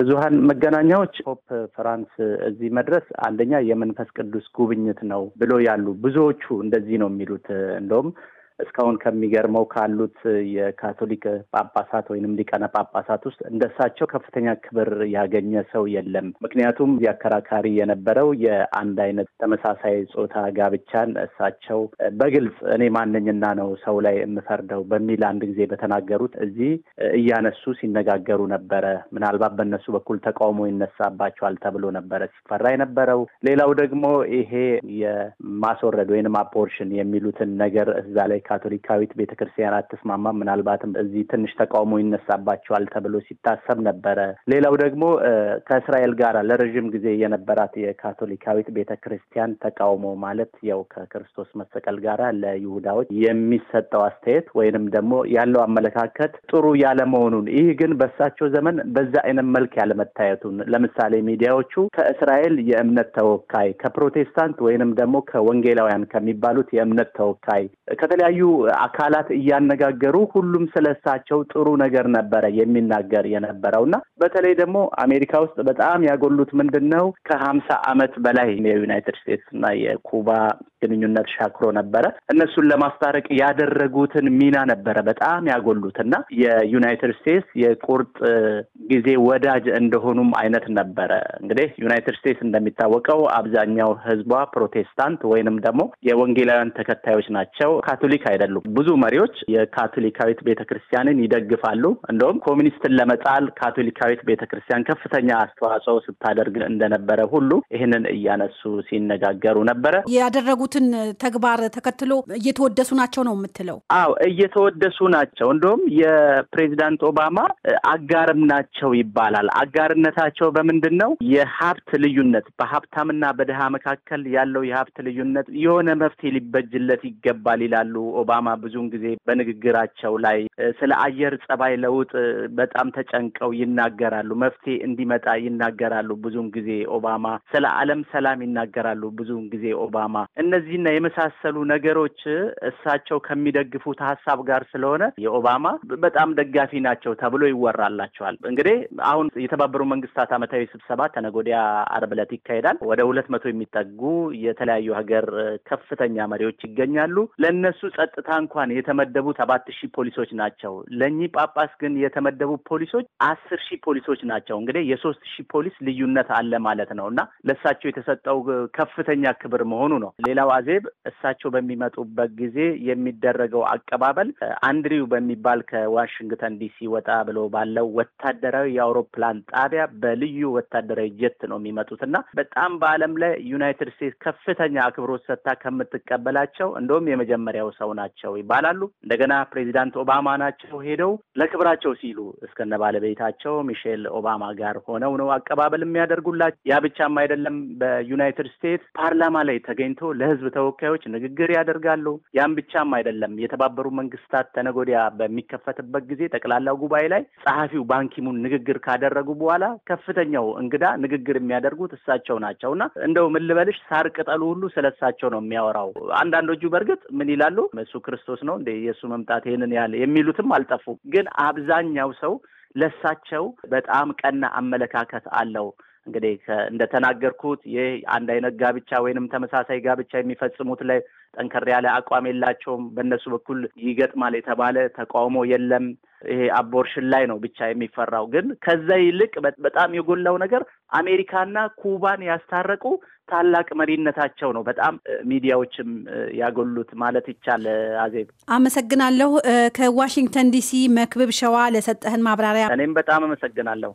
ብዙሀን መገናኛዎች ፖፕ ፍራንስ እዚህ መድረስ አንደኛ የመንፈስ ቅዱስ ጉብኝት ነው ብሎ ያሉ ብዙዎቹ እንደዚህ ነው የሚሉት እንደውም እስካሁን ከሚገርመው ካሉት የካቶሊክ ጳጳሳት ወይንም ሊቀነ ጳጳሳት ውስጥ እንደሳቸው ከፍተኛ ክብር ያገኘ ሰው የለም። ምክንያቱም ያከራካሪ የነበረው የአንድ አይነት ተመሳሳይ ጾታ ጋብቻን እሳቸው በግልጽ እኔ ማንኝና ነው ሰው ላይ የምፈርደው በሚል አንድ ጊዜ በተናገሩት እዚህ እያነሱ ሲነጋገሩ ነበረ። ምናልባት በእነሱ በኩል ተቃውሞ ይነሳባቸዋል ተብሎ ነበረ ሲፈራ የነበረው። ሌላው ደግሞ ይሄ የማስወረድ ወይንም አፖርሽን የሚሉትን ነገር እዛ ላይ ካቶሊካዊት ቤተክርስቲያን አትስማማ ምናልባትም እዚህ ትንሽ ተቃውሞ ይነሳባቸዋል ተብሎ ሲታሰብ ነበረ። ሌላው ደግሞ ከእስራኤል ጋር ለረዥም ጊዜ የነበራት የካቶሊካዊት ቤተክርስቲያን ተቃውሞ ማለት ያው ከክርስቶስ መሰቀል ጋር ለይሁዳዎች የሚሰጠው አስተያየት ወይንም ደግሞ ያለው አመለካከት ጥሩ ያለመሆኑን ይህ ግን በሳቸው ዘመን በዛ አይነት መልክ ያለመታየቱን ለምሳሌ ሚዲያዎቹ ከእስራኤል የእምነት ተወካይ ከፕሮቴስታንት ወይንም ደግሞ ከወንጌላውያን ከሚባሉት የእምነት ተወካይ ከተለያዩ የተለያዩ አካላት እያነጋገሩ ሁሉም ስለሳቸው ጥሩ ነገር ነበረ የሚናገር የነበረው እና በተለይ ደግሞ አሜሪካ ውስጥ በጣም ያጎሉት ምንድን ነው ከሀምሳ አመት በላይ የዩናይትድ ስቴትስ እና የኩባ ግንኙነት ሻክሮ ነበረ። እነሱን ለማስታረቅ ያደረጉትን ሚና ነበረ በጣም ያጎሉት እና የዩናይትድ ስቴትስ የቁርጥ ጊዜ ወዳጅ እንደሆኑም አይነት ነበረ። እንግዲህ ዩናይትድ ስቴትስ እንደሚታወቀው አብዛኛው ሕዝቧ ፕሮቴስታንት ወይንም ደግሞ የወንጌላውያን ተከታዮች ናቸው፣ ካቶሊክ አይደሉም። ብዙ መሪዎች የካቶሊካዊት ቤተ ክርስቲያንን ይደግፋሉ። እንደውም ኮሚኒስትን ለመጣል ካቶሊካዊት ቤተ ክርስቲያን ከፍተኛ አስተዋጽኦ ስታደርግ እንደነበረ ሁሉ ይህንን እያነሱ ሲነጋገሩ ነበረ ያደረጉ የሚያደርጉትን ተግባር ተከትሎ እየተወደሱ ናቸው ነው የምትለው? አዎ እየተወደሱ ናቸው። እንዲሁም የፕሬዚዳንት ኦባማ አጋርም ናቸው ይባላል። አጋርነታቸው በምንድን ነው? የሀብት ልዩነት በሀብታምና በድሃ መካከል ያለው የሀብት ልዩነት የሆነ መፍትሄ ሊበጅለት ይገባል ይላሉ ኦባማ ብዙውን ጊዜ በንግግራቸው ላይ ስለ አየር ጸባይ ለውጥ በጣም ተጨንቀው ይናገራሉ። መፍትሄ እንዲመጣ ይናገራሉ። ብዙውን ጊዜ ኦባማ ስለ ዓለም ሰላም ይናገራሉ። ብዙውን ጊዜ ኦባማ እነ እነዚህና የመሳሰሉ ነገሮች እሳቸው ከሚደግፉት ሀሳብ ጋር ስለሆነ የኦባማ በጣም ደጋፊ ናቸው ተብሎ ይወራላቸዋል። እንግዲህ አሁን የተባበሩ መንግስታት ዓመታዊ ስብሰባ ተነጎዲያ አርብ ዕለት ይካሄዳል። ወደ ሁለት መቶ የሚጠጉ የተለያዩ ሀገር ከፍተኛ መሪዎች ይገኛሉ። ለእነሱ ጸጥታ እንኳን የተመደቡ ሰባት ሺህ ፖሊሶች ናቸው። ለእኚህ ጳጳስ ግን የተመደቡ ፖሊሶች አስር ሺህ ፖሊሶች ናቸው። እንግዲህ የሶስት ሺህ ፖሊስ ልዩነት አለ ማለት ነው እና ለእሳቸው የተሰጠው ከፍተኛ ክብር መሆኑ ነው። ሌላው አዋዜብ እሳቸው በሚመጡበት ጊዜ የሚደረገው አቀባበል አንድሪው በሚባል ከዋሽንግተን ዲሲ ወጣ ብሎ ባለው ወታደራዊ የአውሮፕላን ጣቢያ በልዩ ወታደራዊ ጀት ነው የሚመጡት እና በጣም በዓለም ላይ ዩናይትድ ስቴትስ ከፍተኛ አክብሮት ሰጥታ ከምትቀበላቸው እንደውም የመጀመሪያው ሰው ናቸው ይባላሉ። እንደገና ፕሬዚዳንት ኦባማ ናቸው ሄደው ለክብራቸው ሲሉ እስከነ ባለቤታቸው ሚሼል ኦባማ ጋር ሆነው ነው አቀባበል የሚያደርጉላቸው። ያ ብቻም አይደለም በዩናይትድ ስቴትስ ፓርላማ ላይ ተገኝቶ ለህዝብ የህዝብ ተወካዮች ንግግር ያደርጋሉ። ያም ብቻም አይደለም። የተባበሩ መንግስታት ተነጎዲያ በሚከፈትበት ጊዜ ጠቅላላው ጉባኤ ላይ ጸሐፊው ባንኪሙን ንግግር ካደረጉ በኋላ ከፍተኛው እንግዳ ንግግር የሚያደርጉት እሳቸው ናቸው እና እንደው ምን ልበልሽ ሳር ቅጠሉ ሁሉ ስለ እሳቸው ነው የሚያወራው። አንዳንዶቹ በእርግጥ ምን ይላሉ እሱ ክርስቶስ ነው እንደ የእሱ መምጣት ይህንን ያለ የሚሉትም አልጠፉም። ግን አብዛኛው ሰው ለእሳቸው በጣም ቀና አመለካከት አለው። እንግዲህ እንደተናገርኩት ይህ አንድ አይነት ጋብቻ ወይንም ተመሳሳይ ጋብቻ የሚፈጽሙት ላይ ጠንከር ያለ አቋም የላቸውም። በእነሱ በኩል ይገጥማል የተባለ ተቃውሞ የለም። ይሄ አቦርሽን ላይ ነው ብቻ የሚፈራው። ግን ከዛ ይልቅ በጣም የጎላው ነገር አሜሪካና ኩባን ያስታረቁ ታላቅ መሪነታቸው ነው። በጣም ሚዲያዎችም ያጎሉት ማለት ይቻል። አዜብ አመሰግናለሁ። ከዋሽንግተን ዲሲ መክብብ ሸዋ ለሰጠህን ማብራሪያ እኔም በጣም አመሰግናለሁ።